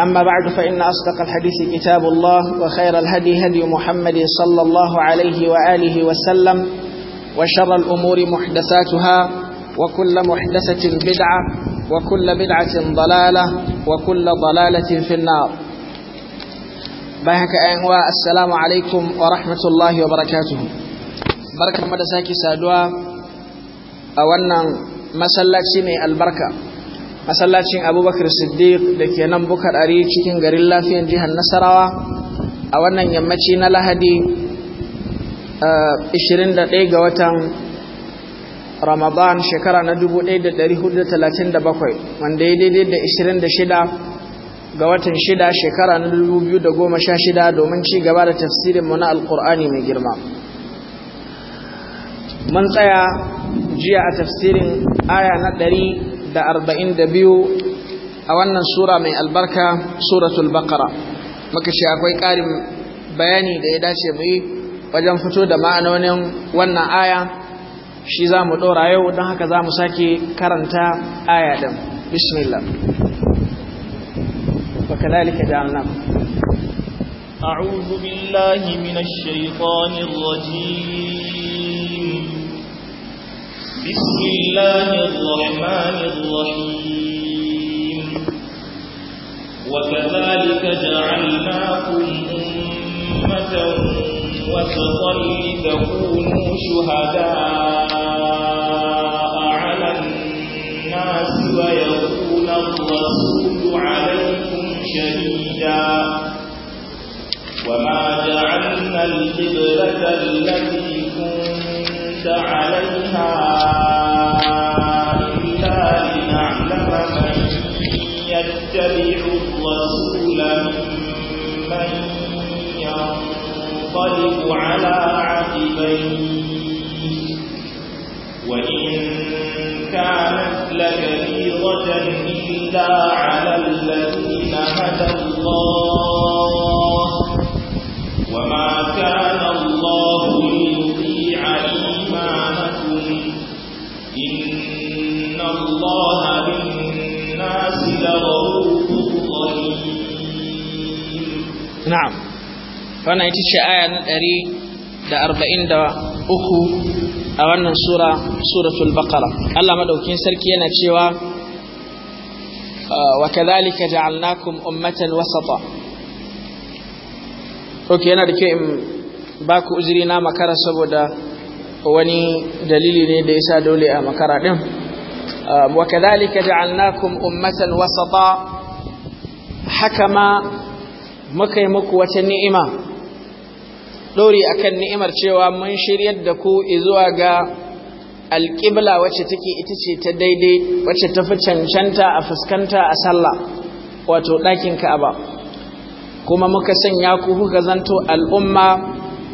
أما بعد فإن أصدق الحديث كتاب الله وخير الهدي هدي محمد صلى الله عليه وآله وسلم وشر الأمور محدثاتها وكل محدثة بدعة وكل بدعة ضلالة وكل ضلالة في النار بحك أنواء السلام عليكم ورحمة الله وبركاته بركة مدساكي سادوا أولا مسلاتي من البركة masallacin abubakar siddiq da ke nan bukadari cikin garin lafiyan jihar nasarawa a wannan yammaci na lahadi 21 eh, ga watan ramadan shekara na 1437 wanda ya daidai da 26 ga watan 6 shekara na 2016 domin ci gaba da tafsirinmu na alkur'ani mai girma mun tsaya jiya a tafsirin aya na da arba'in da biyu a wannan sura mai albarka suratul baqara muka ce akwai ƙarin bayani da ya dace mu yi wajen fito da ma'anonin wannan aya shi za mu ɗora yau don haka za mu sake karanta aya ɗin bismillah وكذلك جعلناه أعوذ بالله من الشيطان الرجيم بسم الله الرحمن الرحيم وكذلك جعلناكم أمة وسطا لتكونوا شهداء على الناس ويكون الرسول عليكم شهيدا وما جعلنا القبلة التي كنت ليس إلا لنعلم من الرسول ممن ينقلب على وإن كانت إلا على الذين هدى الله الله بالناس لرؤوف na'am wannan ita ce aya na ɗari da arba'in da uku a wannan sura suratul baqara Allah madaukin sarki yana cewa wa kadhalika ja'alnakum ummatan wasata Ok, yana da kyau in ba ku uzuri na makara saboda wani dalili ne da yasa dole a makara ɗin? وكذلك جعلناكم أمة وسطا حكما مكيمك وتنئما دوري أكن نئمر شوى من شريد دكو إزواغا alƙibla wacce take ita ce ta daidai wacce ta fi cancanta a fuskanta a sallah wato ɗakin ka'aba kuma muka sanya ku kuka zanto al'umma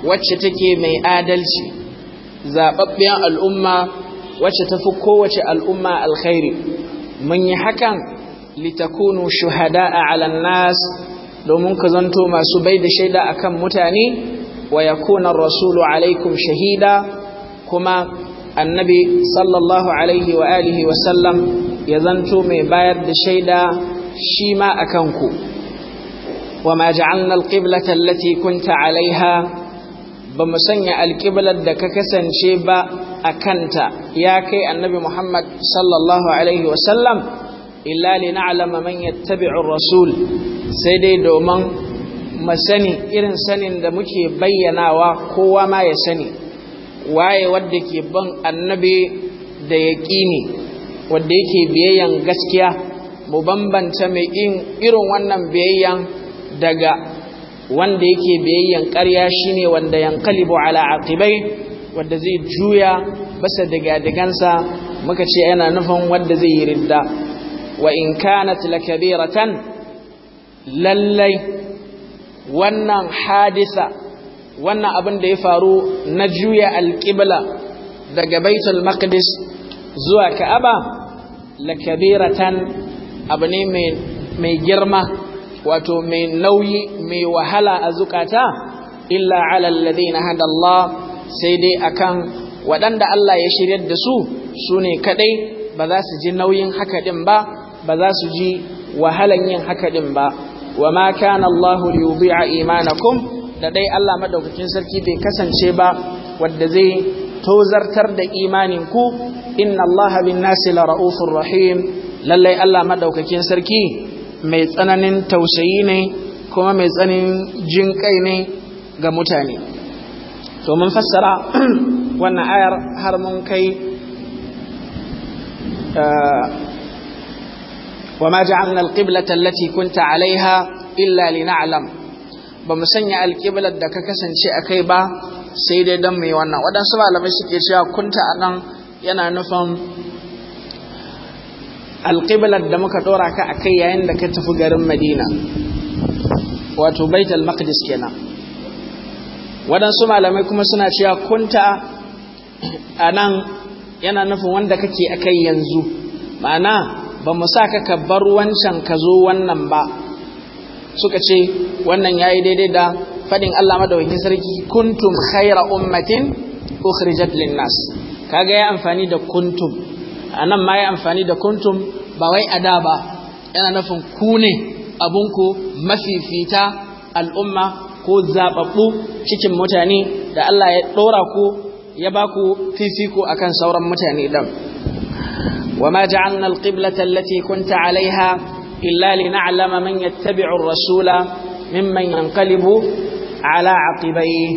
wacce take mai adalci zaɓaɓɓen al'umma wacce tafi kowace al'umma alkhairi mun yi hakan litakunu shuhada a alannas domin ku zanto masu bai da shaida akan mutane wa yakuna rasulu alaikum shahida kuma annabi sallallahu alaihi wa alihi wa sallam ya zanto mai bayar da shaida shi ma akan ku wa ma ja'alna alqiblata allati kunta alaiha ba mu sanya alƙiblar da ka kasance ba a kanta ya kai annabi Muhammad sallallahu Alaihi wasallam illa na na'lama rasul sai dai domin mu sani irin sanin da muke bayyanawa kowa ma ya sani waye wadda ke ban annabi da ya yaƙini wadda yake biyayyan gaskiya mu bambanta mai irin wannan biyayyan daga wanda yake biyayyan ƙarya shine wanda yanqalibu ala aqibai wanda zai juya basa daga digansa muka ce yana nufin wanda zai yi ridda wa in kanat lakabiratan lallai wannan hadisa wannan abin da ya faru na juya alƙibla daga baitul maqdis zuwa ka'aba lakabiratan abu ne mai girma wato mai nauyi mai wahala a zukata illa ala na hada sai dai akan waɗanda Allah ya shiryar da su sune kaɗai. ba za su ji nauyin haka din ba ba za su ji wahalan yin haka din ba wama kana Allah liyudhi'a imanakum da dai Allah madaukakin sarki bai kasance ba wanda zai tozartar da imanin ku inna Allah bin nasi la rahim lallai Allah madaukakin sarki mai tsananin tausayi ne kuma mai tsanin jin kai ne ga mutane to mun fassara wannan ayar har mun kai uh, wa ma ja'alna al-qiblata allati kunta 'alayha illa lina'lam ba mu sanya al-qiblat da ka kasance akai ba sai dai dan mai wannan wadansu malamai suke cewa kunta anan yana nufin alƙiblar da muka ɗora ka a kai yayin da ka tafi garin madina wato baitul maqdis kenan waɗansu malamai kuma suna cewa kunta a yana nufin wanda kake a kai yanzu ma'ana ba mu sa ka bar wancan ka zo wannan ba suka ce wannan ya yi daidai da faɗin allah madawakin sarki kuntum khaira ummatin ukhrijat linnas kaga ya amfani da kuntum a nan amfani da kuntum ba wai a da ba yana nufin ku ne abinku mafifita al’umma ko zaɓaɓɓu cikin mutane da Allah ya ɗora ku ya ba ku fisiko a sauran mutane da. wa ma ja'alna al-qiblat allati kunta 'alayha illa na man manyan ar-rasula mimman yanqalibu 'ala 'aqibayhi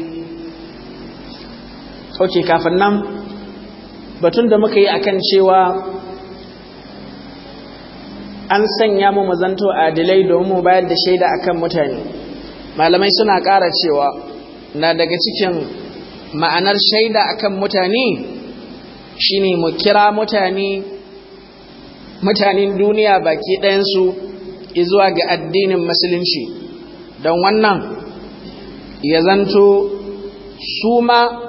okay kafin nan batun da muka yi a kan cewa an sanya mu mazanto adilai domin mu bayar da shaida a kan mutane malamai suna ƙara cewa na daga cikin ma'anar shaida a kan mutane shine mu kira mutane mutanen duniya baki ɗayansu izuwa ga addinin musulunci don wannan ya zanto su ma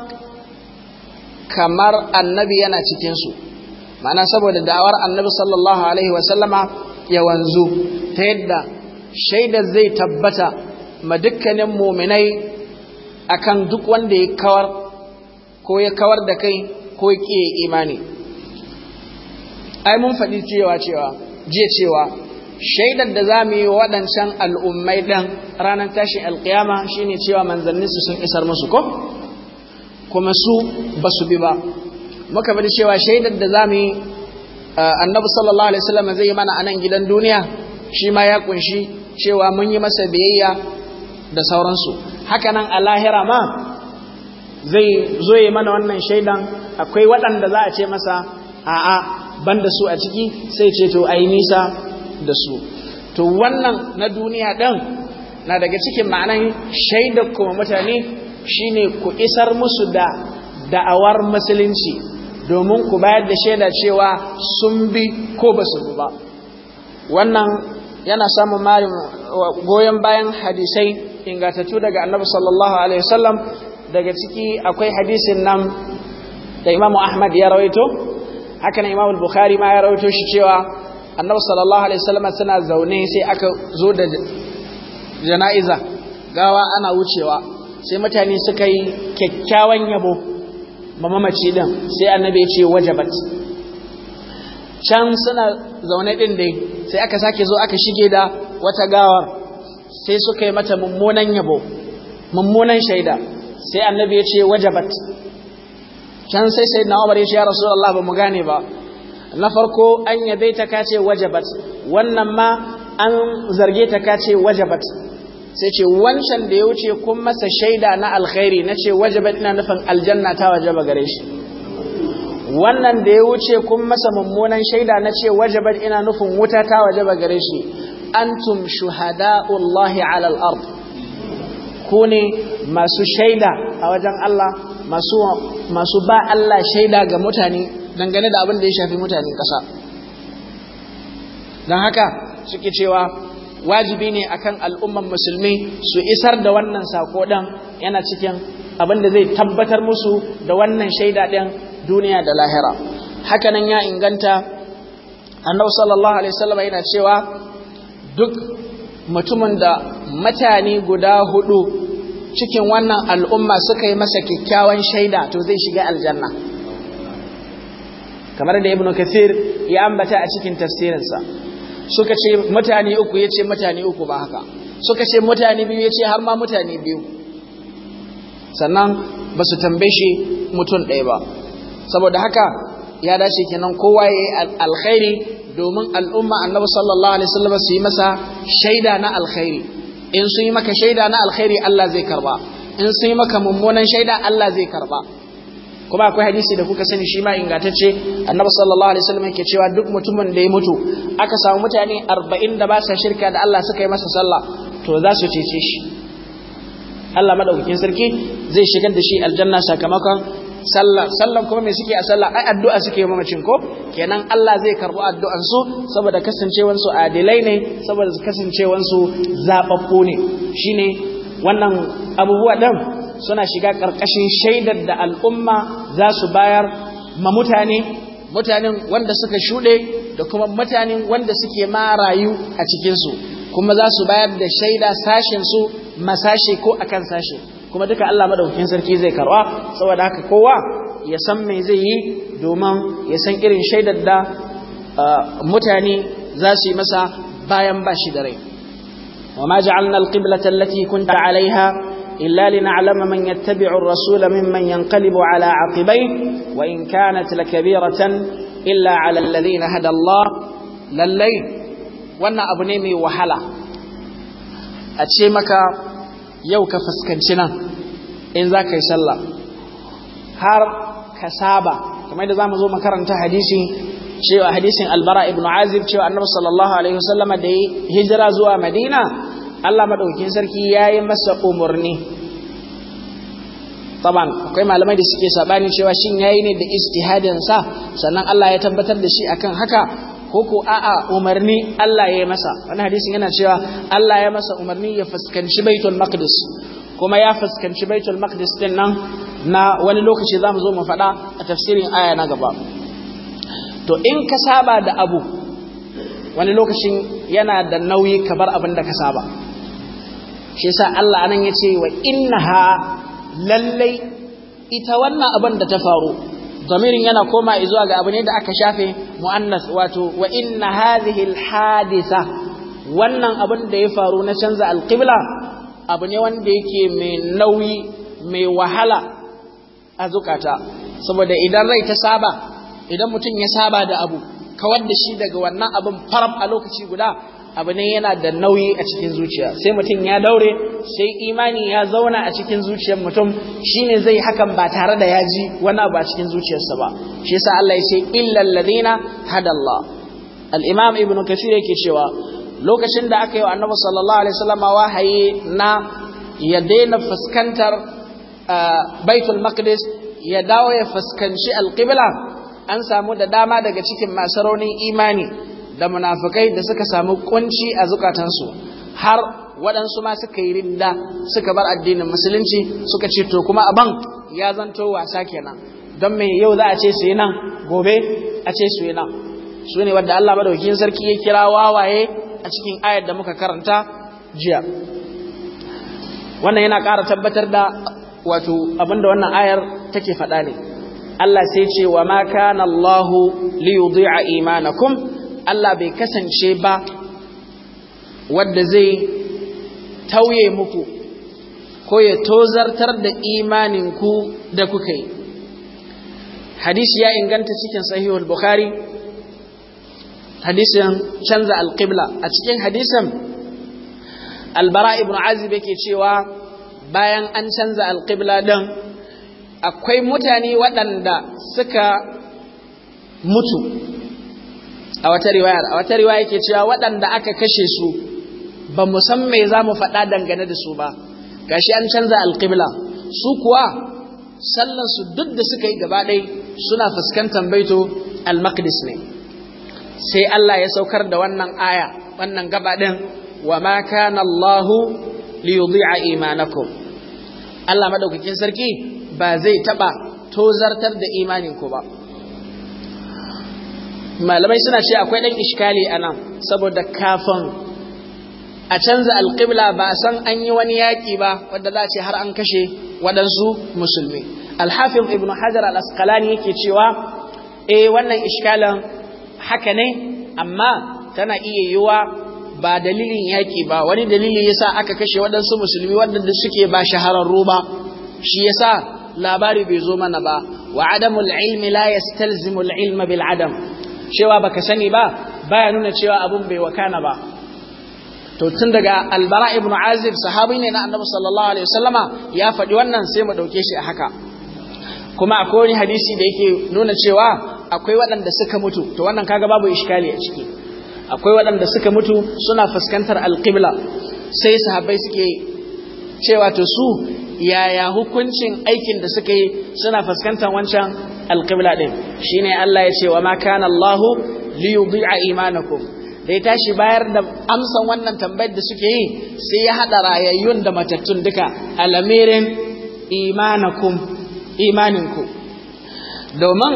kamar annabi yana cikinsu mana saboda da'awar annabi sallallahu alaihi wasallama ya wanzu ta yadda shaidar zai tabbata ma dukkanin muminai akan duk wanda ya kawar ko ya kawar da kai ko ya imani ai mun faɗi cewa cewa jiya cewa shaidar da za mu yi waɗancan al'ummai ɗan ranar tashin alƙiyama shine cewa manzanninsu sun isar musu ko kuma su ba su bi ba muka bi cewa shaidar da zamu yi eh, annabi sallallahu alaihi wasallam zai mana a nan gidan duniya shi ma ya kunshi cewa mun yi masa biyayya da sauransu haka nan a lahira ma zai zo yi mana wannan shaidan akwai waɗanda za a ce masa a'a ban da su a ciki sai ce to ai nisa da su to wannan na duniya ɗin na daga cikin ma'anan shaidar kuma mutane ne ku isar musu da da'awar musulunci domin ku bayar da shaida cewa sun bi ko ba su ba wannan yana samun malin goyon bayan hadisai ingatattu daga annabi sallallahu alaihi wasallam daga ciki akwai hadisin nan da imamu ahmad ya rawaito haka na imamu bukhari ma ya rawaito shi cewa annabi sallallahu alaihi wasallam suna zaune sai aka zo da jana'iza gawa ana wucewa sai mutane suka yi kyakkyawan yabo ba mamaci din sai annabi ya ce wajabat can suna zaune ɗin dai sai aka sake zo aka shige da wata gawar sai suka yi mata mummunan yabo mummunan shaida sai annabi ya ce wajabat can sai sai na umar ya ce ya Allah ba mu gane ba na farko an yabe ta kace wajabat wannan ma an zarge ta kace wajabat sai ce wancan da ya wuce kun masa shaida na alkhairi na ce wajaba ina nufin aljanna ta wajaba gare shi wannan da ya wuce kun masa mummunan shaida na ce wajaba ina nufin wuta ta wajaba gare shi antum shuhada'ullahi ala al-ard ku ne masu shaida a wajen Allah masu ba Allah shaida ga mutane dangane da abin da ya shafi mutanen kasa don haka suke cewa wajibi ne akan al'umman musulmi su isar da wannan sako ɗin yana cikin abin da zai tabbatar musu da wannan shaida ɗin duniya da lahira hakanan ya inganta annabi sallallahu alaihi wasallam yana cewa duk mutumin da mutane guda hudu cikin wannan al'umma suka yi masa kyakkyawan shaida to zai shiga aljanna kamar da ibnu kathir ya ambata a cikin tafsirinsa suka ce mutane uku ya ce mutane uku ba haka suka ce mutane biyu ya ce har ma mutane biyu sannan ba su tambaye shi mutum ɗaya ba saboda haka ya dace kenan kowa ya yi alkhairi domin al'umma annabi sallallahu alaihi wasallam su yi masa shaida na alkhairi in su yi maka shaida na alkhairi Allah zai karba in su yi maka mummunan shaida Allah zai karba kuma akwai hadisi da kuka sani shi ma ingantacce annabi sallallahu alaihi wasallam yake cewa duk mutumin da ya mutu aka samu mutane 40 da ba sa shirka da Allah suka yi masa sallah to za su cece shi Allah madaukakin sarki zai shigar da shi aljanna sakamakon sallah sallan kuma me suke a sallah ai addu'a suke yi mamacin ko kenan Allah zai karbi addu'an su saboda kasancewar su adilai ne saboda kasancewar su zababbu ne shine wannan abubuwa din suna shiga ƙarƙashin shaidar da al'umma za su bayar ma mutane mutanen wanda suka shuɗe da kuma mutanen wanda suke ma rayu a cikinsu kuma za su bayar da shaida sashensu masashe ko a kan sashe kuma duka Allah maɗaukin sarki zai karɓa saboda haka kowa ya san me zai yi domin ya san irin shaidar da mutane za su yi masa bayan ba shi da rai وما جعلنا القبلة التي كنت عليها إلا لنعلم من يتبع الرسول ممن ينقلب على عقبيه وإن كانت لكبيرة إلا على الذين هدى الله للي وأن أبنيمي وحلا أتشيمك يوك فسكنشنا إن ذاك يسلى هار كسابة كما إذا زام زوم كرنت حديثي cewa hadisin albara ibn azib cewa annabi sallallahu alaihi wasallama da hijira zuwa madina Allah maɗaukin sarki yayi masa umurni taban akwai malamai da suke sabani cewa shin yayi ne da istihadin sa sannan Allah ya tabbatar da shi akan haka ko ko a'a umarni Allah ya yi masa wani hadisin yana cewa Allah ya masa umarni ya fuskanci baitul maqdis kuma ya fuskanci baitul maqdis din nan na wani lokaci zamu zo mu faɗa a tafsirin aya na gaba to in ka saba da abu wani lokacin yana da nauyi ka bar abin da ka saba shi sa Allah anan ce wa innaha lallai ita wannan abin da ta faru Zamirin yana koma izuwa ga abu ne da aka shafe mu'annas wato wa inna hadhihi alhadisa wannan abin da ya faru na canza alqibla abu ne wanda yake mai nauyi mai wahala a zukata saboda idan rai ta saba idan mutum ya saba da abu kawar da shi daga wannan abin faram a lokaci guda abu ne yana da nauyi a cikin zuciya sai mutum ya daure sai imani ya zauna a cikin zuciyar mutum shine zai hakan ba tare da yaji wani abu a cikin zuciyarsa ba shi yasa Allah ya ce illal ladina hadallah al-imam ibnu kathir yake cewa lokacin da aka yi wa annabi sallallahu alaihi wasallam wahayi na ya daina fuskantar baitul maqdis ya dawo ya fuskanci al-qibla an samu da dama daga cikin masaronin imani da munafikai da suka samu kunci a zukatansu har waɗansu ma suka yi rinda suka bar addinin musulunci suka ce to kuma aban ya zanto wasa kenan don me yau za a ce su yi nan gobe a ce su yi nan su ne wadda Allah madaukakin sarki ya kira wawaye a cikin ayar da muka karanta jiya wannan yana ƙara tabbatar da wato abinda wannan ayar take faɗa ne Allah sai ce wa ma kana Allahu li yudhi'a imanakum Allah bai kasance ba wadda zai tauye muku ko ya tozartar da imaninku da kuka yi hadisi ya inganta cikin sahihul bukhari hadisin canza alƙibla a cikin hadisin albara ibn azib yake cewa bayan an canza alƙibla dan akwai mutane waɗanda suka mutu a wata riwaya a wata riwaya yake cewa waɗanda aka kashe su ba mu san me za mu faɗa dangane da su ba gashi an canza alƙibla su kuwa sallar su duk da suka yi gaba ɗai suna fuskantar baito al-maqdis ne sai Allah ya saukar da wannan aya wannan gaba ɗin wa ma kana Allahu li yudhi'a imanakum Allah madaukakin sarki ba zai taba tozartar da imanin ku ba malamai suna ce akwai ɗan ishkali a nan saboda kafin a canza alƙibla ba a san an yi wani yaƙi ba wadda za a ce har an kashe waɗansu musulmi alhafin ibn hajar al-asqalani yake cewa eh wannan iskalin haka ne amma tana iya yiwa ba dalilin yaƙi ba wani dalili yasa aka kashe waɗansu musulmi waɗanda suke ba shahararru ba shi yasa labari bai zo mana ba wa adamul ilmi la yastalzimul ilma bil adam cewa baka sani ba baya nuna cewa abun bai wakana ba to tun daga albara ibn azib sahabi ne na annabi sallallahu alaihi wasallama ya faɗi wannan sai mu ɗauke shi a haka kuma akwai hadisi da yake nuna cewa akwai waɗanda suka mutu to wannan kaga babu iskali a ciki akwai waɗanda suka mutu suna fuskantar alƙibla sai sahabbai suke cewa to su yaya hukuncin aikin da suka yi suna fuskantar wancan alƙibla ɗin shi ne Allah ya ce wa ma kana Allahu li a imanakum da ya tashi bayar da amsan wannan tambayar da suke yi sai ya haɗa rayayyun da matattun duka alamirin imanakum imaninku domin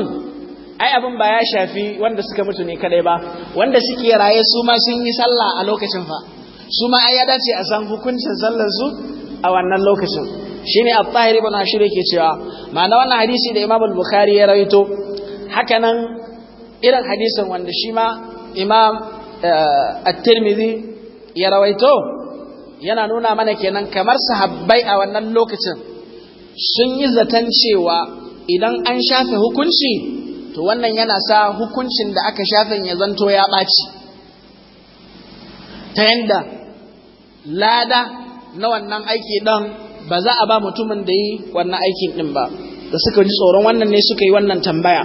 ai abin ba ya shafi wanda suka mutu ne kadai ba wanda suke raye su ma sun yi sallah a lokacin fa su ma ai ya dace a san hukuncin sallar su a wannan lokacin shine al tahir ibn ashur yake cewa ma'ana wannan hadisi da imam al-bukhari ya rawaito hakanan irin hadisin wanda shi ma imam eh, at-tirmidhi ya rawaito yana nuna mana kenan kamar sahabbai a wannan lokacin sun yi zaton cewa idan an shafe hukunci to wannan yana sa hukuncin da aka shafe ya zanto ya ɓaci ta yanda lada na wannan aiki ɗan ba za a ba mutumin da yi wannan aikin ɗin ba da suka ji tsoron wannan ne suka yi wannan tambaya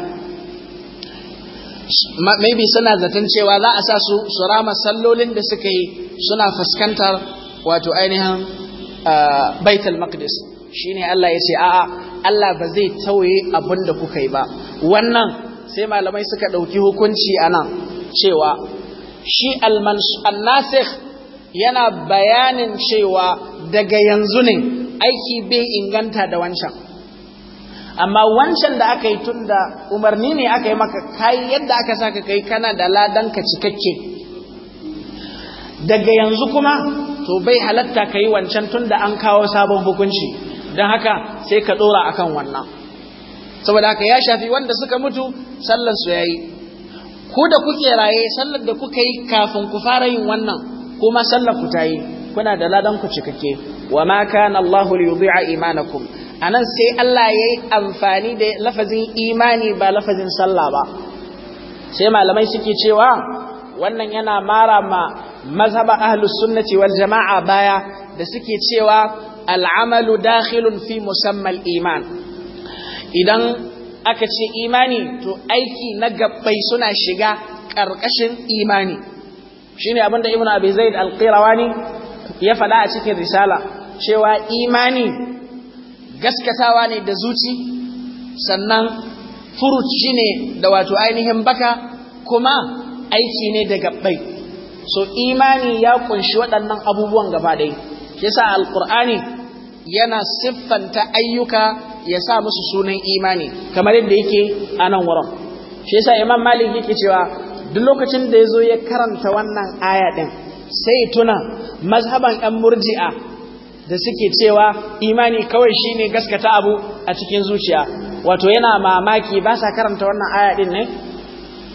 maybe suna zaton cewa za a sa su su rama sallolin da suka yi suna fuskantar wato ainihin ah, baitul maqdis shine Allah ya ce a'a Allah ba zai tauye abin da kuka yi ba wannan sai malamai suka ɗauki hukunci a nan cewa shi al-nasikh yana bayanin cewa daga yanzu ne aiki bai inganta da wancan amma wancan da aka yi tun da umarni ne aka yi maka kai yadda aka saka kai kana da ladanka cikakke daga yanzu kuma to bai halatta ka yi wancan tun da an kawo sabon hukunci don haka sai ka ɗora akan wannan saboda haka ya shafi wanda suka mutu sallar su yayi ku da kuke raye sallar da kuka yi kafin ku fara yin wannan kuma sallar ku ta yi kuna da ladan ku cikakke wa ma kana Allah li imanakum anan sai Allah yayi amfani da lafazin imani ba lafazin sallah ba sai malamai suke cewa wannan yana mara ma mazhaba ahlus sunnati wal jama'a baya da suke cewa al'amalu dakhilun fi musammal iman idan aka ce imani to aiki na gabbai suna shiga ƙarƙashin imani shine abinda ibnu abi zaid al-qirawani ya faɗa a cikin risala cewa imani gaskatawa ne da zuci sannan furuci ne da wato ainihin baka kuma aiki ne da gabbai so imani ya kunshi waɗannan abubuwan gaba ɗaya yasa Alƙur'ani yana siffanta ayyuka ya sa musu sunan imani kamar yadda yake a nan wurin shi yasa imam malik yake cewa duk lokacin da ya zo ya karanta wannan aya ɗin sai tuna mazhaban ɗan murji'a da suke cewa imani kawai shine gaskata abu a cikin zuciya wato yana mamaki ba sa karanta wannan aya din ne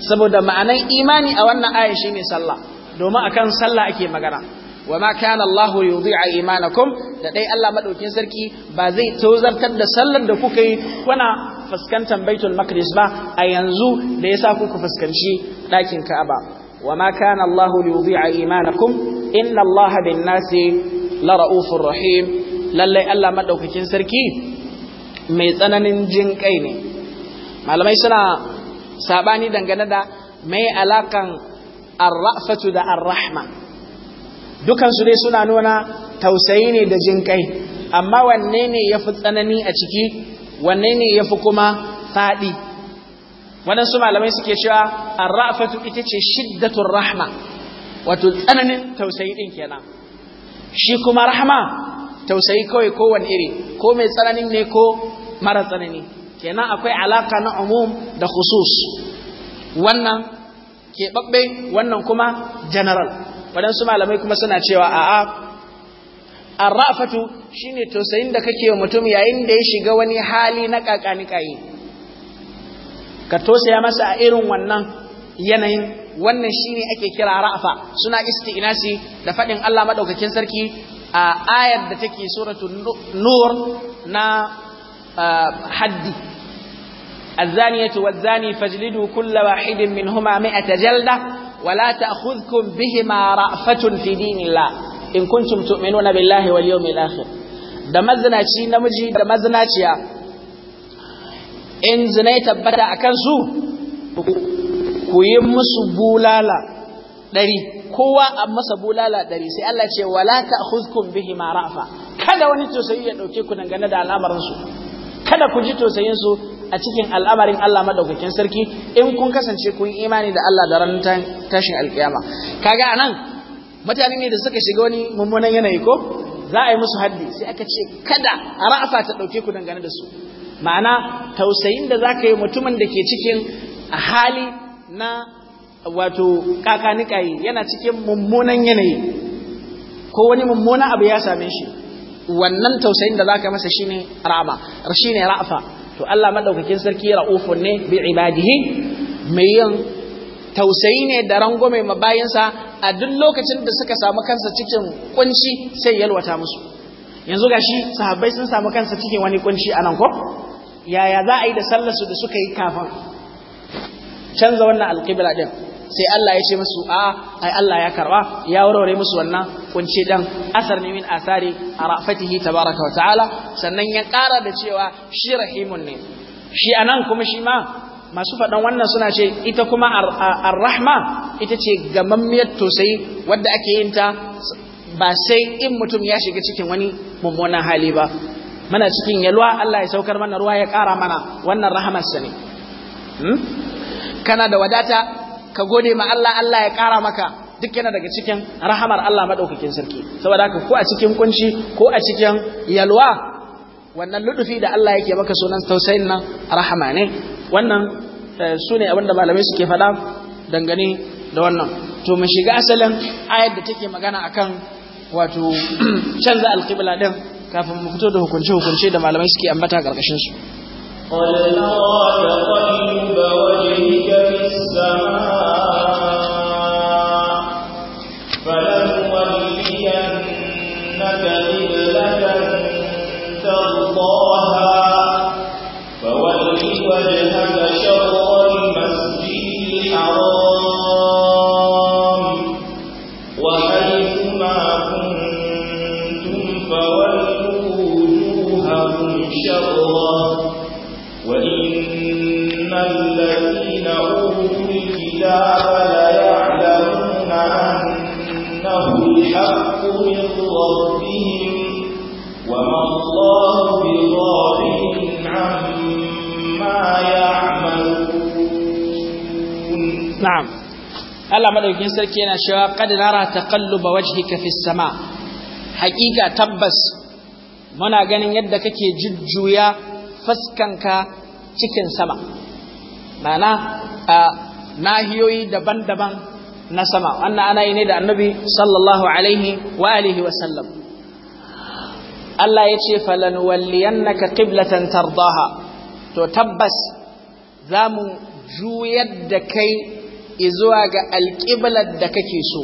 saboda ma'anan imani a wannan aya shine sallah domin akan sallah ake magana wa ma kana Allah a imanakum da dai Allah madaukin sarki ba zai tozartar da sallar da kuka yi kuna fuskantar Baitul Maqdis ba a yanzu da yasa kuka fuskanci ɗakin Ka'aba وما كان الله ليضيع إيمانكم إن الله بالناس لرؤوف رحيم للي ألا مدوككين سركي ميزانا ننجن ne? malamai suna saɓani dangane da mai alakan arrafatu da arrahma dukansu dai suna nuna tausayi ne da jinkai amma wanne ne ya fi tsanani a ciki wanne ne ya fi kuma faɗi waɗansu malamai suke cewa arrafatu ita ce shiddatun rahma wato tsananin tausayi ɗin kenan shi kuma rahma tausayi kawai ko wani iri ko mai tsananin ne ko mara tsanani kenan akwai alaka na umum da khusus wannan keɓaɓɓe wannan kuma general waɗansu malamai kuma suna cewa a'a arrafatu shine tausayin da kake wa mutum yayin da ya shiga wani hali na ƙaƙani ƙayi ka tosaya masa a irin wannan yanayin wannan shine ake kira ra'afa suna isti'nasi da faɗin Allah madaukakin sarki a ayar da take suratu nur na haddi azzaniyatu wazzani fajlidu kulla wahidin minhuma mi'ata jalda wa la ta'khudhukum bihima ra'fatun fi dinillah in kuntum tu'minuna billahi wal yawmil akhir da mazinaci namiji da mazinaciya in ya tabbata a kansu ku yi musu bulala ɗari kowa a masa bulala ɗari sai Allah ce wala ta huzkun bihi ma rafa kada wani tosayi ya ɗauke ku dangane da al'amarinsu kada ku ji tosayinsu a cikin al'amarin Allah madaukakin sarki in kun kasance kun imani da Allah da ranar tashin alkiyama kaga anan mutane ne da suka shiga wani mummunan yanayi ko za a yi musu haddi sai aka ce kada a ra'afa ta ɗauke ku dangane da su ma'ana tausayin da za ka yi mutumin da ke cikin hali na wato kakanikaye yana cikin mummunan yanayi ko wani mummunan abu ya same shi wannan tausayin da za ka masa shine rama shine ra'fa to Allah madaukakin sarki ra'ufun ne bi ibadihi mai yin tausayi ne da rangwame mabayansa a duk lokacin da suka samu kansa cikin kunci sai yalwata musu yanzu gashi sahabbai sun samu kansa cikin wani kunci anan ko yaya za a yi da sallarsu da suka yi kafin canza wannan alƙibla din sai Allah ya ce musu a ai Allah ya karba ya warware musu wannan kunci dan asar ne min asari arafatihi tabaraka wa ta'ala sannan ya ƙara da cewa shi rahimun ne shi anan kuma shi ma masu faɗan wannan suna ce ita kuma ar-rahma ita ce gamammiyar tosai wadda ake yin ta ba sai in mutum ya shiga cikin wani mummunan hali ba mana cikin yalwa Allah ya saukar mana ruwa ya ƙara mana wannan rahamarsa ne hmm? kana da wadata ka gode ma Allah Allah ya ƙara maka duk yana daga cikin rahamar Allah maɗaukakin sarki saboda haka ko a cikin kunci ko a cikin yalwa wannan ludufi da Allah yake maka sunan tausayin nan rahama ne wannan eh, su ne abinda malamai suke faɗa dangane da wannan to mu shiga asalin ayar da take magana akan wato canza alƙibla ɗin kafin mu fito da hukunce-hukunce da malamai suke ambata ƙarƙashin su. أفلا يعلمون أنه Allah madaukakin sarki yana cewa qad nara taqalluba wajhika fis samaa haqiqa tabbas muna ganin yadda kake jujjuya fuskanka cikin sama mana nahiyoyi daban-daban na sama wannan ana yi ne da annabi sallallahu alaihi wa alihi wa sallam Allah ya ce falanuwalliyannaka qiblatan tardaha to tabbas za mu juyar da kai izuwa ga alƙiblar da kake so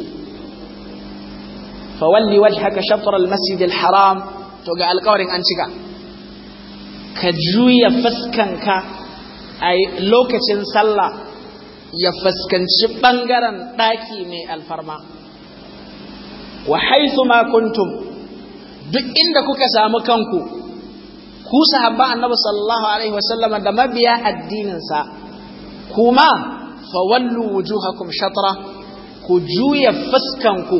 fawalli wajhaka shatr al-masjid haram to ga alƙawarin an cika ka juya fuskanka a lokacin sallah ya fuskanci ɓangaren ɗaki mai alfarma wa haithu ma duk inda kuka samu kanku ku sahabba annabi sallallahu alaihi wasallama da mabiya addininsa kuma fawallu wujuhakum shatra ku juya fuskanku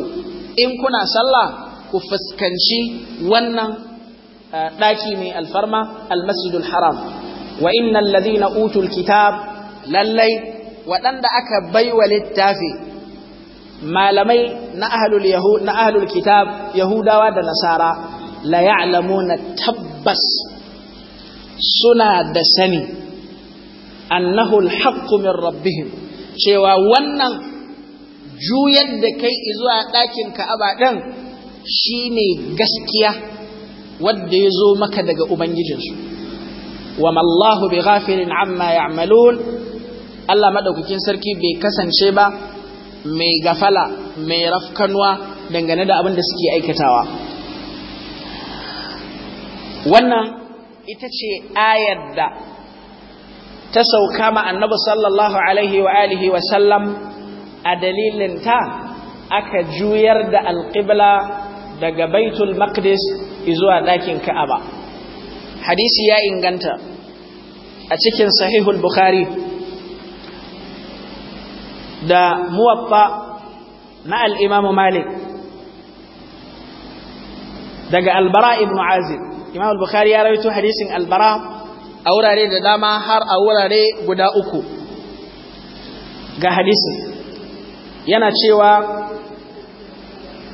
in kuna sallah ku fuskanci wannan eh, ɗaki mai alfarma almasjidul haram wa innal ladina utul kitab lallai waɗanda aka baiwa littafi malamai na ahlul na kitab yahudawa da nasara la na tabbas suna da sani annahu alhaqqu min rabbihim cewa wannan juyar da kai zuwa ɗakin ka'aba ɗin shine gaskiya wadda ya zo maka daga ubangijinsu wa mallahu bi ghafirin amma ya'malun Allah maɗaukakin sarki bai kasance ba mai gafala mai rafkanwa dangane da abin da suke aikatawa wannan ita ce ayar da ta sauka ma annabi sallallahu alaihi wa alihi wa sallam a dalilin ta aka juyar da alƙibla daga baitul maqdis zuwa ɗakin ka'aba hadisi ya inganta a cikin sahihul bukhari ده موطا مع الإمام مالك ده البراء بن عازب إمام البخاري يا يروي حديث البراء اورا ري دا ما هر ري غدا أكو ده حديث ينا تشيوا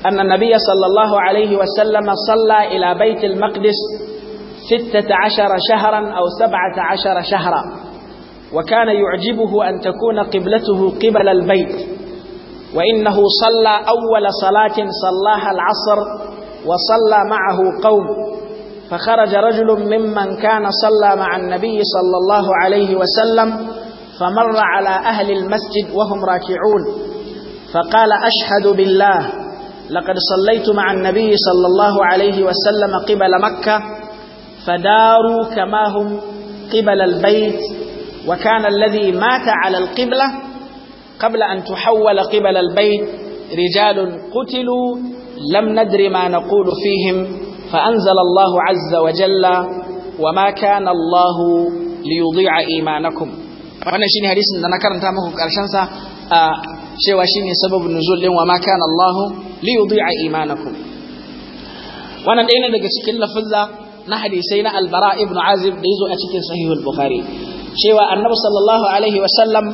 أن النبي صلى الله عليه وسلم صلى إلى بيت المقدس ستة عشر شهرا أو سبعة عشر شهرا وكان يعجبه أن تكون قبلته قبل البيت وإنه صلى أول صلاة صلاها العصر وصلى معه قوم فخرج رجل ممن كان صلى مع النبي صلى الله عليه وسلم فمر على أهل المسجد وهم راكعون فقال أشهد بالله لقد صليت مع النبي صلى الله عليه وسلم قبل مكة فداروا كما هم قبل البيت wa kana alladhi mata ala alqibla qabla an tuhawwala qibla albayt rijalun kutilu lam nadri ma naqulu fihim فأنزل الله عز وجل وما كان الله ليضيع إيمانكم wannan shine hadisin da na karanta muku karshen sa cewa shine sababin nuzul wa ma kana Allah li yudhi'a imanakum wannan dai daga cikin lafazza na hadisai na Al-Bara ibn Azib da yazo a cikin Sahih al-Bukhari cewa annabi sallallahu alaihi wasallam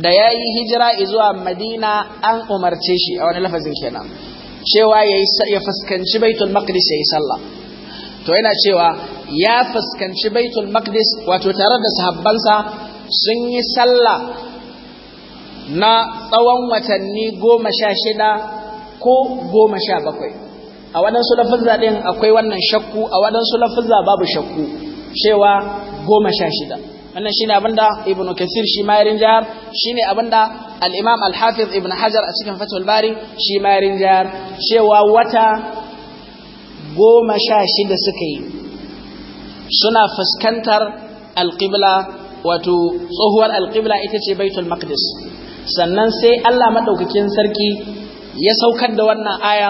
da ya yi hijira zuwa madina an umarce shi a wani lafazin kenan cewa ya fuskanci baitul maqdis ya yi sallah to yana cewa ya fuskanci baitul maqdis wato tare da sahabbansa sun yi sallah na tsawon watanni goma sha shida ko goma sha bakwai a waɗansu lafazza ɗin akwai wannan shakku a waɗansu lafazza babu shakku cewa goma sha shida wannan ne abinda ibnu kasir shi ma yarin jihar ne abinda al-imam al-hafiz ibn hajar a cikin fatul bari shi ma yarin jihar cewa wata goma sha shida suka yi suna fuskantar alƙibla wato tsohuwar alƙibla ita ce baitul maqdis sannan sai Allah maɗaukakin sarki ya saukar da wannan aya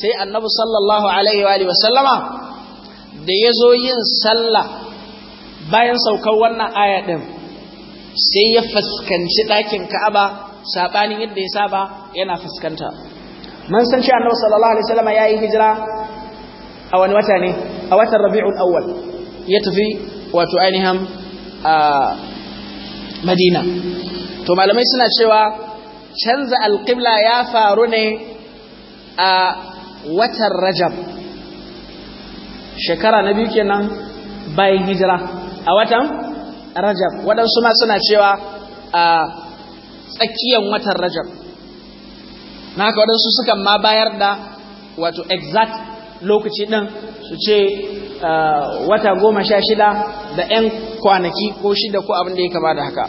sai annabi sallallahu alaihi wa sallama da ya zo yin sallah bayan saukar wannan aya ɗin sai ya fuskanci ɗakin ka'aba saɓanin yadda ya saba yana fuskanta mun san cewa annabi sallallahu alaihi wasallam ya yi hijira a wani wata ne a watan rabi'ul awwal ya tafi wato ainihin a madina to malamai suna cewa canza alƙibla ya faru ne a watan rajab shekara na biyu kenan bayan hijira a watan rajab waɗansu ma suna cewa a tsakiyan watan rajab na haka waɗansu sukan ma bayar da wato exact lokaci ɗin su ce wata goma sha shida da ‘yan kwanaki ko shida ko abin da ya kama da haka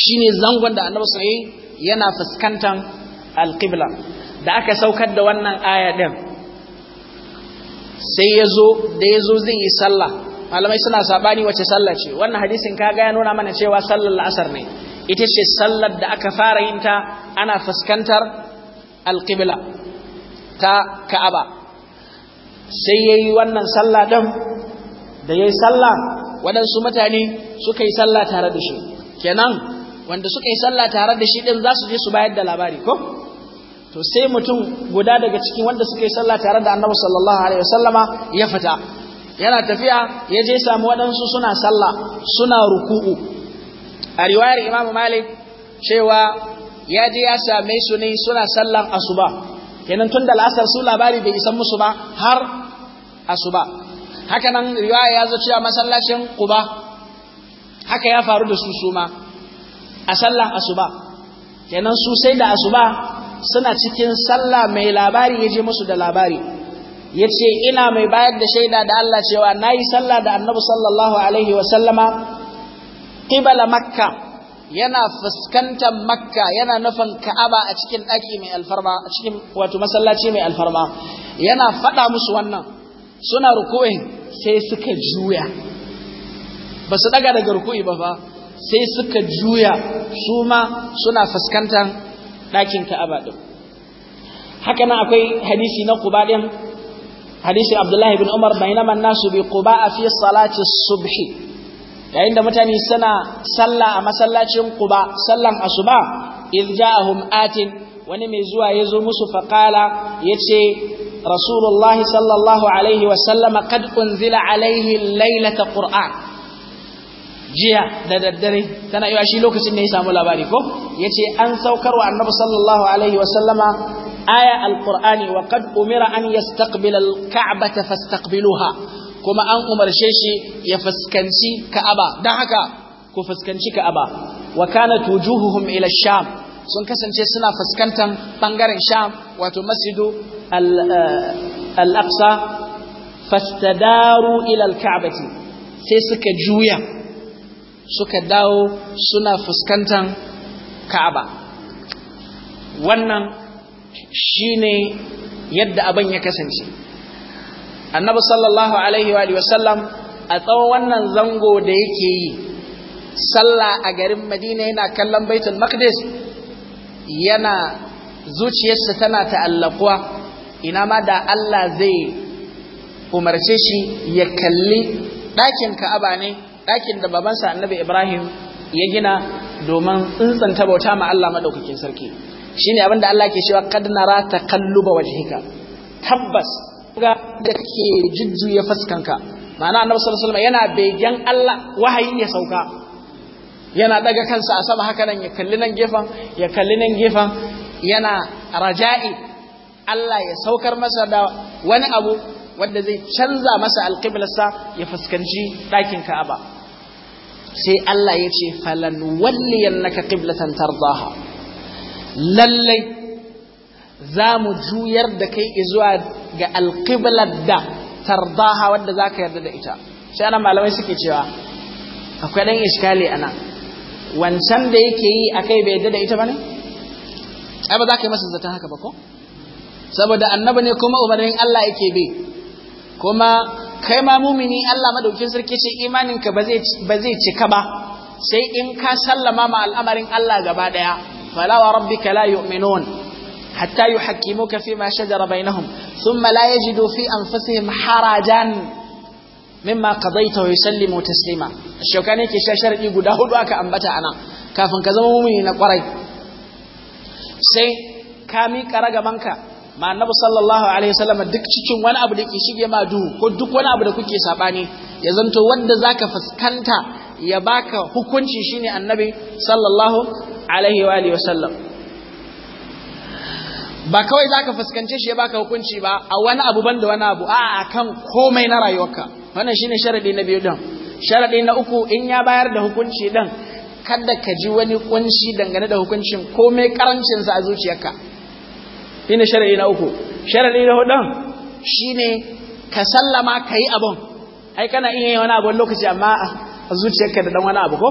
shi ne zangon da annabi sai yana fuskantar alƙibla da aka saukar da wannan aya ɗin sai ya zo da ya zo zai yi sallah malamai suna sabani wace sallah ce wannan hadisin kaga ya nuna mana cewa sallar la'asar ne ita ce sallar da aka fara yin ta ana fuskantar alqibla ta ka'aba sai yayi wannan sallah din da yayi sallah waɗansu mutane suka yi sallah tare da shi kenan wanda suka yi sallah tare da shi din za su je su bayar da labari ko to sai mutum guda daga cikin wanda suka yi sallah tare da annabi sallallahu alaihi wasallama ya fita yana tafiya ya je samu waɗansu suna sallah suna ruku'u a riwayar imamu malik cewa ya je ya same su ne suna sallan asuba kenan tun da la'asar su labari bai isan musu ba har asuba haka nan riwaya ya zo cewa masallacin quba haka ya faru da su suma a sallan asuba kenan su sai da asuba suna cikin sallah mai labari ya je musu da labari ya ce ina mai bayar da shaida da Allah cewa na yi sallah da annabi sallallahu alaihi wasallama ƙibala makka yana fuskantar makka yana nufin ka'aba a cikin ɗaki mai alfarma a cikin wato masallaci mai alfarma yana faɗa musu wannan suna ruku'in sai suka juya ba su ɗaga daga ruku'i ba fa sai suka juya su ma suna fuskantar ɗakin ka'aba ɗin haka nan akwai hadisi na kuba ɗin hadisi abdullahi bin umar bainama nasu bi quba fi salati subhi yayin da mutane suna sallah a masallacin quba sallan asuba idh ja'ahum atin wani mai zuwa ya zo musu faqala yace rasulullahi sallallahu alaihi wa sallama kad unzila alaihi lailata qur'an jiya da daddare tana iya shi lokacin ne ya samu labari ko yace an wa annabi sallallahu alaihi wa sallama aya alqur'ani wa qad umira an yastaqbil alka'bata fastaqbiluha kuma an umarce shi ya fuskanci ka'aba da haka ku fuskanci ka'aba wa kanat wujuhuhum ila sham sun kasance suna fuskantar bangaren sham wato masidu al-aqsa fastadaru ila alka'bati sai suka juya suka dawo suna fuskantar ka'aba wannan shine yadda abin ya kasance annabi sallallahu alaihi wa sallam a tsawon wannan zango da yake yi sallah a garin madina yana kallon baitul maqdis yana zuciyarsa tana ta'allakuwa. ina ma da Allah zai umarce shi ya kalli ɗakin ka'aba ne ɗakin da babansa annabi ibrahim ya gina domin tsintsanta bauta ma Allah maɗaukakin sarki shine abinda Allah ke cewa kad nara taqalluba wajhika tabbas ga da ke jujjuya fuskanka ma'ana annabi sallallahu alaihi yana begen Allah wahayi ya sauka yana daga kansa a sama haka nan ya kalli nan gefen ya kalli nan gefen yana raja'i Allah ya saukar masa da wani abu wanda zai canza masa alƙiblarsa ya fuskanci ɗakin Ka'aba sai Allah ya ce falan walliyannaka qiblatan tardaha lallai za mu juyar da kai zuwa ga alƙiblar da tardaha wadda za ka yarda da ita shi ana malamai suke cewa akwai ɗan iskali a nan wancan da yake yi a kai bai yarda da ita ba ne? ai ba za ka yi masa zata haka ba ko? saboda annaba ne kuma umarnin Allah yake bi kuma kai ma mumini Allah madaukin sarki ce imaninka ba zai cika ba sai in ka sallama ma al'amarin Allah gaba ɗaya. فلا وربك لا يؤمنون حتى يحكموك فيما شجر بينهم ثم لا يجدوا في أنفسهم حرجا مما قضيت ويسلموا تسليما الشوكاني كي شاشر يقول داود واكا أنبتا أنا كافن كذا مؤمنين قري سي كامي كرق منك ma annabi sallallahu alaihi wasallam duk cikin wani abu da ke shige ma duhu ko duk wani abu da kuke sabani ya zanto wanda zaka fuskanta ya baka hukunci shine annabi sallallahu alaihi wa alihi wasallam ba kawai zaka fuskance shi ya baka hukunci ba a wani abu banda wani abu a kan komai na rayuwarka wannan shine sharadi na biyu din sharadi na uku in ya bayar da hukunci din kada ka ji wani kunshi dangane da hukuncin komai sa a zuciyarka shine sharadi na uku sharadi na hudun shine ka sallama ka abun ai kana iya yi wani abun lokaci amma ah, a ka da dan wani abu ko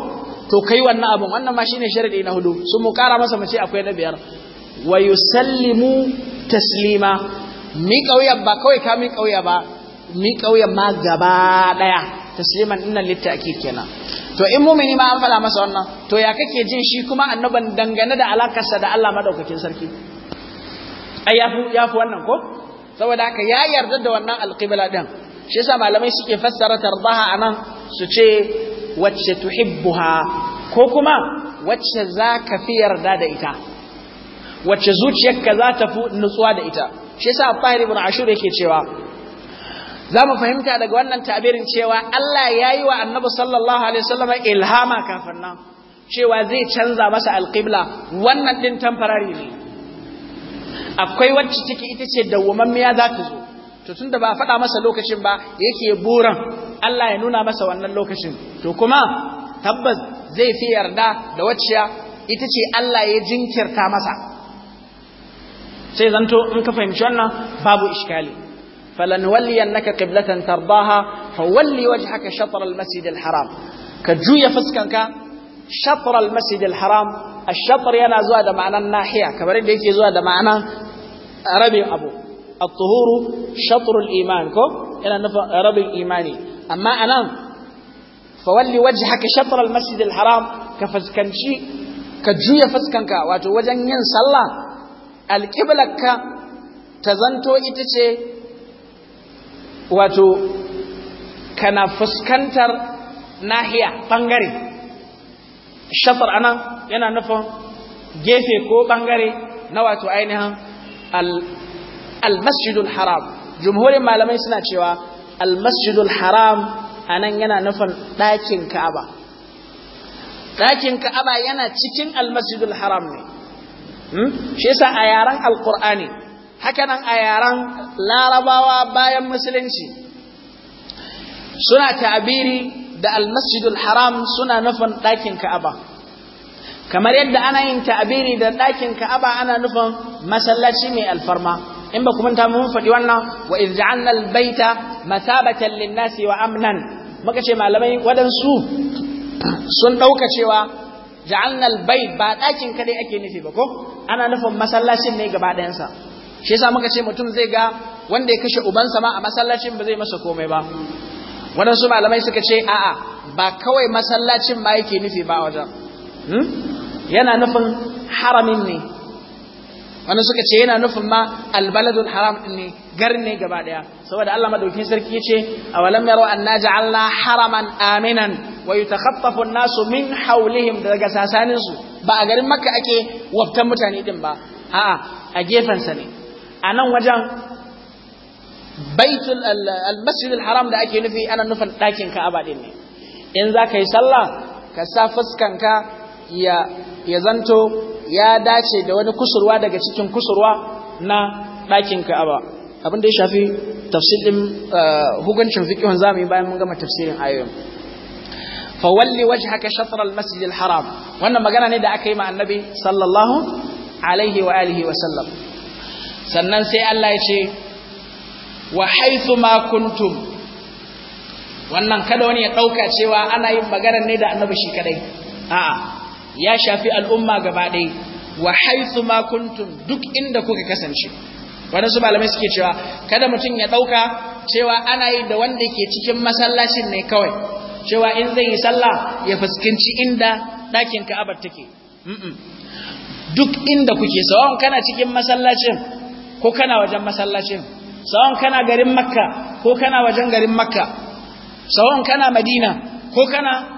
to kai wannan abun wannan ma shine sharadi na hudu su mu kara masa mace akwai na biyar wa yusallimu taslima mi kauya ba kawai ka mi kauya ba mi kauya ma gaba daya tasliman inna litaki kenan to in mumini ma an fada masa wannan to ya kake jin shi kuma annaban dangane da alakarsa da Allah madaukakin sarki ai ya wannan ko saboda haka ya yarda da wannan alqibla din shi yasa malamai suke fassara tarbaha anan su ce wacce tuhibbuha ko kuma wacce za ka fi yarda da ita wacce zuciyarka za ta fi nutsuwa da ita shi yasa Fahir ibn Ashur yake cewa za mu fahimta daga wannan tabirin cewa Allah ya yi wa annabi sallallahu alaihi wasallam ilhama kafin nan cewa zai canza masa alqibla wannan din temporary ne akwai wacce take ita ce dawwamammiya za ta zo to tun da ba faɗa masa lokacin ba ya yake buran Allah ya nuna masa wannan lokacin to kuma tabbas zai fi yarda da wacciya ita ce Allah ya jinkirta masa sai zanto in ka fahimci wannan babu iskali falan waliyan naka qiblatan tardaha fa walli wajhaka shatr al masjid haram ka juya fuskanka shatr al masjid al haram al shatr yana zuwa da ma'anar nahiya kamar inda yake zuwa da ma'anan rabi abu at-tuhuru shatrul iman ko yana nufin rabin imani amma anan fawalli wajhaka shatr al-masjid al-haram ka fuskanci ka juya fuskanka wato wajen yin sallah alqiblarka ta zanto ita ce wato kana fuskantar nahiya bangare shatr anan yana nufin gefe ko bangare na wato ainihin almasjidul haram jumhurin malamai suna cewa almasjidul haram a nan yana nufin ɗakin ka'aba ɗakin ka'aba yana cikin almasjidul haram ne hmm? shi yasa a yaren alkur'ani hakanan a yaren larabawa bayan musulunci suna ta'abiri da almasjidul haram suna nufin ɗakin ka'aba kamar yadda ana yin ta'abiri da ɗakin ka'aba ana nufin masallaci mai alfarma in ba ku ta mun faɗi wannan wa iz albayta baita masabatan lin-nasi wa amnan muka ce malamai wadansu sun ɗauka cewa ja'alna albayt ba ɗakin kadai ake nufi ba ko ana nufin masallacin ne gaba ɗayan sa shi yasa muka ce mutum zai ga wanda ya kashe ubansa ma a masallacin ba zai masa komai ba wadansu malamai suka ce a'a ba kawai masallacin ma yake nufi ba wajen hmm? yana nufin haramin ne wannan suka ce yana nufin ma albaladul haram din ne garin ne gaba daya saboda Allah madaukin sarki ce awalam yaro anna ja'alna haraman aminan wa yatakhaffafu an-nasu min hawlihim daga sasanin su ba a garin makka ake waftan mutane din ba a'a a gefen sa ne a nan wajen baitul al-masjid al-haram da ake nufi ana nufin ɗakin ka'aba din ne in za ka yi sallah ka sa fuskanka ya ya zanto ya dace da wani kusurwa daga cikin kusurwa na ɗakin ka'aba abin da ya shafi tafsir ɗin eh, hukuncin fiqhun zamu yi bayan mun gama tafsirin ayoyin fa walli wajhaka shatr al masjid al haram wannan magana ne da aka yi ma annabi sallallahu alaihi wa alihi wa sallam sannan sai Allah ya ce wa haythu ma kuntum wannan kada wani ya dauka cewa ana yin magana ne da annabi shi kadai a'a ya shafi al'umma gaba ɗaya wa haitsu ma kuntum duk inda kuka kasance su malamai suke cewa kada mutum ya ɗauka cewa ana yi da wanda ke cikin masallacin ne kawai cewa in zai yi sallah ya fuskanci inda ɗakin ka'abar take duk inda kuke sawan kana cikin masallacin ko kana wajen masallacin sawan kana garin makka ko kana wajen garin makka sawan kana madina ko kana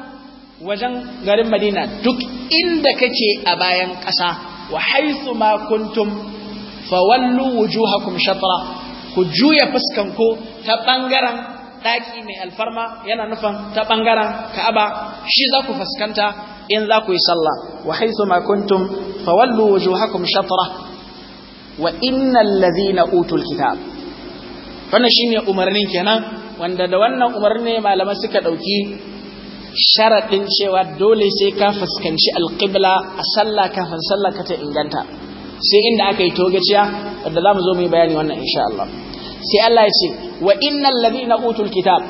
wajen garin madina duk inda kake a bayan ƙasa wa haithu ma kuntum fawallu wujuhakum shatra ku juya fuskanku ta ɓangaren Daki mai alfarma yana nufin ta bangaren ka'aba shi za ku fuskanta in za ku yi sallah wa haithu ma kuntum fawallu wujuhakum shatra wa innal ladhina utul kitab wannan shine umarnin kenan wanda da wannan umarni malamai suka dauki sharaɗin cewa dole sai ka fuskanci alƙibla a sallah kafin sallah ka ta inganta sai inda aka yi togaciya wadda za mu zo mu yi bayani wannan insha Allah sai Allah ya ce wa innal ladina utul kitab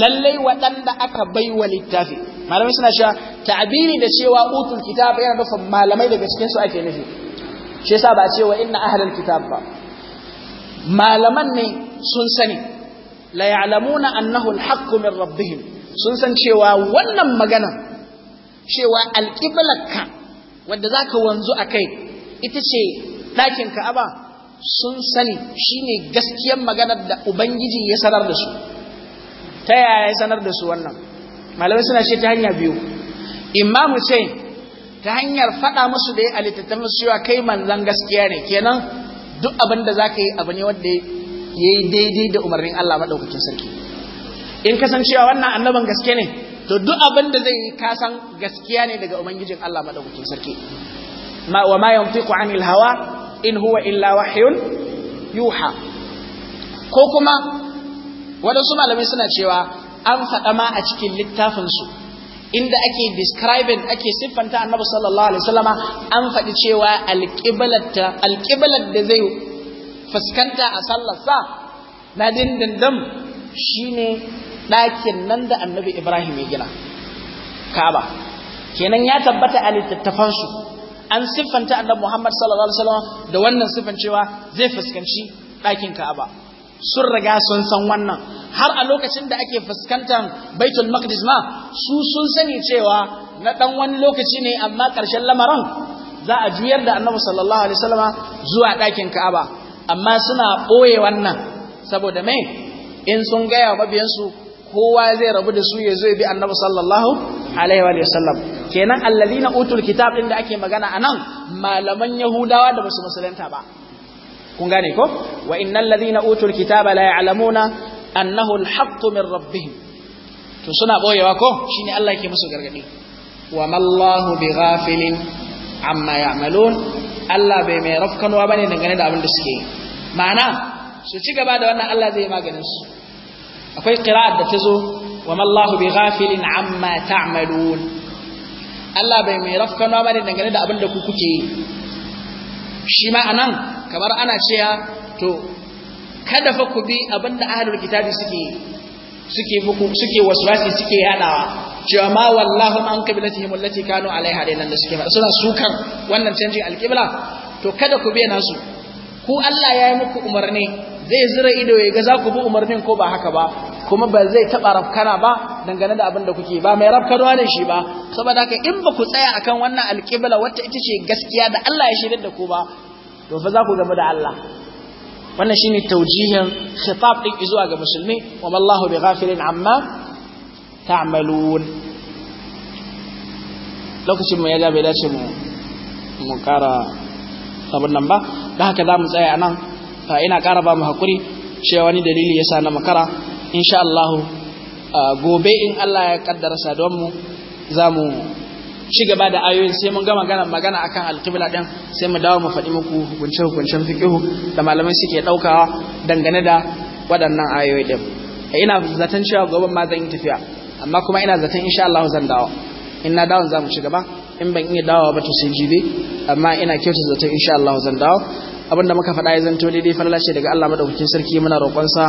lallai waɗanda aka bai wa littafi malamai suna cewa ta'abiri da cewa utul kitab yana nufin malamai daga cikin su ake nufi shi yasa ba a ce wa inna ahlul kitab ba malaman ne sun sani la ya'lamuna annahu al-haqqu min rabbihim sun san cewa wannan magana cewa alƙiblarka wadda za ka wanzu a kai ita ce ɗakin ka'aba sun sani shi ne gaskiyar maganar da ubangiji ya sanar da su ta yaya ya sanar da su wannan malamai suna ce ta hanya biyu imamu ce ta hanyar faɗa musu da ya alittattun cewa kai manzan gaskiya ne kenan duk abin da za ka yi abu ne wanda ya yi daidai da umarnin Allah maɗaukakin sarki in kasancewa wannan annaban gaske ne to duk abin da zai yi kasan gaskiya ne daga ubangijin Allah madaukakin sarki ma wa ma yantiqu anil hawa in huwa illa wahyun yuha ko kuma wadansu malamai suna cewa an faɗa ma a cikin littafin su inda ake describing ake siffanta annabi sallallahu alaihi wasallama an faɗi cewa alqiblatta alqiblat da zai fuskanta a sallar sa na dindindin shine ɗakin nan da annabi Ibrahim ya gina Ka'aba kenan ya tabbata a littattafan an siffanta annabi Muhammad sallallahu alaihi wasallam da wannan siffan cewa zai fuskanci ɗakin Ka'aba sun riga sun san wannan har a lokacin da ake fuskantar Baitul Maqdis ma su sun sani cewa na ɗan wani lokaci ne amma ƙarshen lamarin za a juyar da annabi sallallahu alaihi wasallam zuwa ɗakin Ka'aba amma suna ɓoye wannan saboda mai in sun gaya mabiyansu kowa zai rabu da su ya zo bi annabi sallallahu alaihi wa sallam kenan alladina utul kitab din da ake magana anan malaman yahudawa da basu musulunta ba kun gane ko wa innal ladina utul kitaba la ya'lamuna annahu alhaq min rabbihim to suna boyewa ko shine Allah yake musu gargadi wa mallahu bighafilin amma ya'malun Allah bai mai rafkanwa bane dangane da abin da suke ma'ana su ci gaba da wannan Allah zai maganin su akwai ƙira'ar da ta zo wa mallahu bi ghafilin amma ta'malun Allah bai mai rafkano bane dangane da abin da ku kuke shi ma anan kamar ana cewa to kada fa ku bi abin da ahlul kitabi suke suke muku suke waswasi suke yadawa cewa ma wallahu an qiblatihim allati kanu alaiha da nan da suke suna sukan wannan canjin alqibla to kada ku bayyana su ku Allah ya yi muku umarni zai zira ido ya ga za ku bi umarnin ko ba haka ba kuma ba zai taɓa rafkana ba dangane da abin da kuke ba mai rafkarwa ne shi ba saboda haka in ba ku tsaya akan wannan alƙibla wacce ita ce gaskiya da Allah ya shirya da ku ba to fa za ku gaba da Allah wannan shine taujihin khitab din zuwa ga musulmi wa mallahu bighafilin amma ta'malun lokacin mu ya ga bai dace mu mu kara sabon nan ba da haka za mu tsaya anan. ina ƙara ba mu haƙuri cewa wani dalili ya sa na makara sha Allah gobe in Allah ya kaddara saduwar mu za mu ci gaba da ayoyin sai mun gama magana magana akan alqibla din sai mu dawo mu faɗi muku hukunce hukuncen fiqhu da malamai suke ɗaukawa dangane da waɗannan ayoyi din ina zaton cewa gobe ma zan yi tafiya amma kuma ina zaton insha Allah zan dawo in na dawo za mu ci gaba in ban iya dawo ba to sai jibe amma ina kyautu zaton insha Allah zan dawo abinda muka faɗa ya zanto daidai falala ce daga Allah madaukakin sarki muna roƙonsa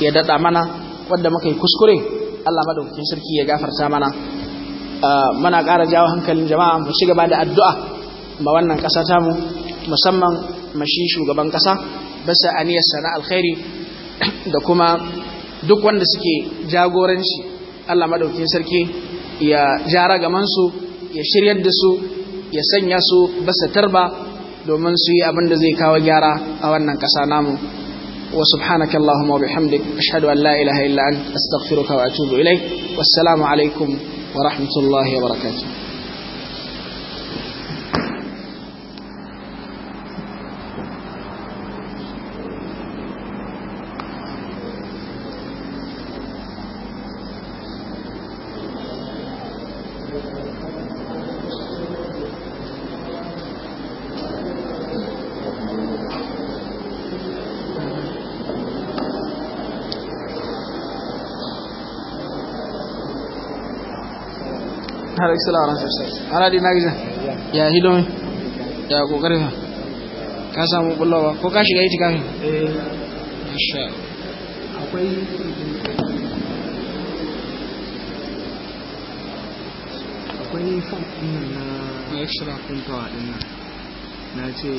ya daɗa mana wanda muka yi kuskure Allah madaukakin sarki ya gafarta mana ah, muna ƙara jawo hankalin jama'a mu ci gaba da addu'a ma wannan ƙasa mu. musamman mashi shugaban ƙasa basa aniyar na alkhairi da kuma duk wanda suke jagoranci Allah madaukakin sarki ya ja su, ya shiryar da su ya sanya su basa tarba domin su yi abin da zai kawo gyara a wannan ƙasa namu wa subhanaka allahumma wa bihamdik ashhadu an la ilaha illa anta astaghfiruka wa atubu ilaik wassalamu alaikum wa rahmatullahi wa barakatuh excellent answer sir ana dai nagiza ya hidomi ya kokarin ka samu bullawa ko ka shiga eh. akwai na extra kuntawa nan na ce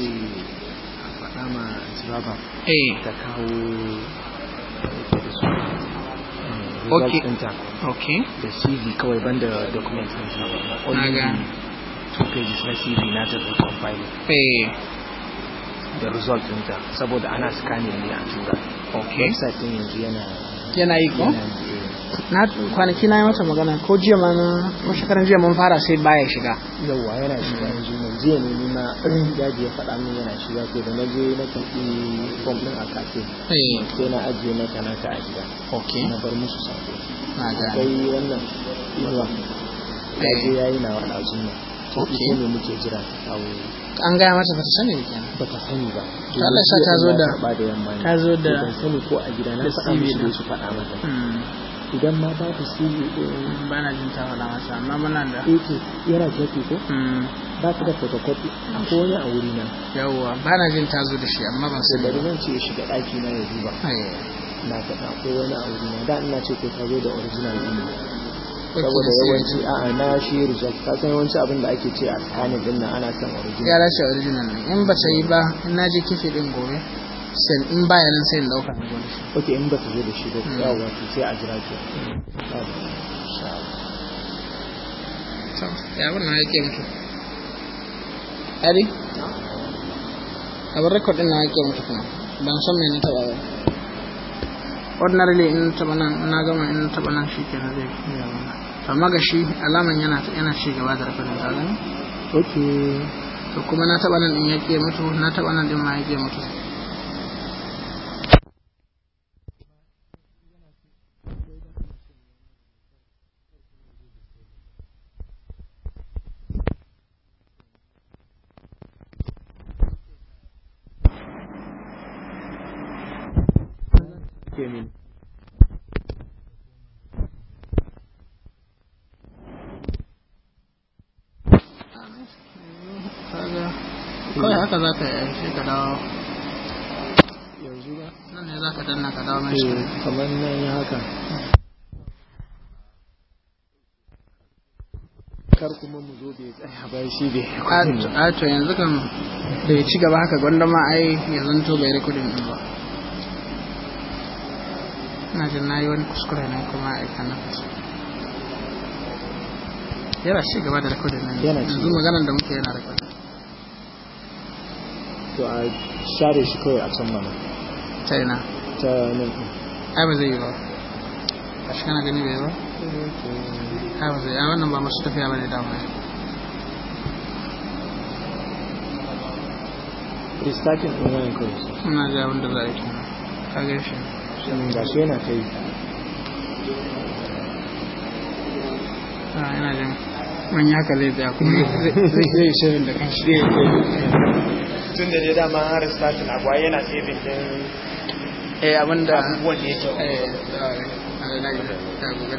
a ma jiraba eh. ta kawo okay okay da CV kawai banda document din only na ta eh. da result din saboda ana scanning ne a tura okay website din yana yana yi ko na kwanaki na yi mata magana ko jiya ma na ko shekaran jiya mun fara sai baya shiga yawwa yana shiga yanzu ne jiya ne nima daji ya faɗa min yana shiga ko da je na tafi form din a kafe eh. sai na ajiye na kana ta a gida okay na bar musu sako na ga kai wannan yawa ya je yayi na wani azumi ne to ita ne muke jira ta kawo an gaya mata ta sani ne kenan ta sani ba to Allah sa ta zo da ta zo da sani ko a gida na faɗa musu da su faɗa mata hmm. idan ma ba ku su ba bana jin ta tawa masa amma muna da ake eh, yana jaki ko hmm. ba su da photocopy a kowane a wuri nan. yawwa bana jin ta zo da shi amma ban sai da zan ce ya shiga ɗaki na ya duba na faɗa ko wani a wuri nan da ina ce ko ka zo da original ɗin saboda yawanci a'a na shi reject ka san yawanci abin da ake ce a tsakanin din nan ana san original ya lashe original in ba ta yi ba in na je kife ɗin gobe in baya nan sai in dauka na gwani ok in ba ta zo da shi ba hmm. Ya wato sai a jira ki ya wannan haƙe mutu ari abin rekod ɗin na haƙe mutu kuma ban san mai na taɓa ba ordinarily in taɓa nan na gama in taɓa nan shi ke na zai yi amma ga shi alaman yana yana ci gaba da rafin ta gani ok to kuma na taɓa nan in yaƙe mutu na taɓa nan din ma yaƙe mutu haka za ka yi ka dawo yanzu ba nan ne za ka danna ka dawo mashi eh, kamar nan yi haka kar kuma mu zo bai tsaya ba shi bai a to yanzu kan bai ci gaba haka gwanda ma ai yanzu to bai rikudin din ba na jin na yi wani kuskure ne kuma a aikana yana ci gaba da rikudin nan yanzu maganar da muke yana rikudin to a share shi kawai a can mana ta ta nan ai ba zai yi ba a shi kana gani bai ba ai ba zai yi wannan ba masu tafiya ba ne ɗin kawai ina ji abin da za a yi ka mm, ga shi yana kai ah, jin wani kuma zai shirin da kan shi tun da dai dama har rasta tun agwa yana saving bikin eh da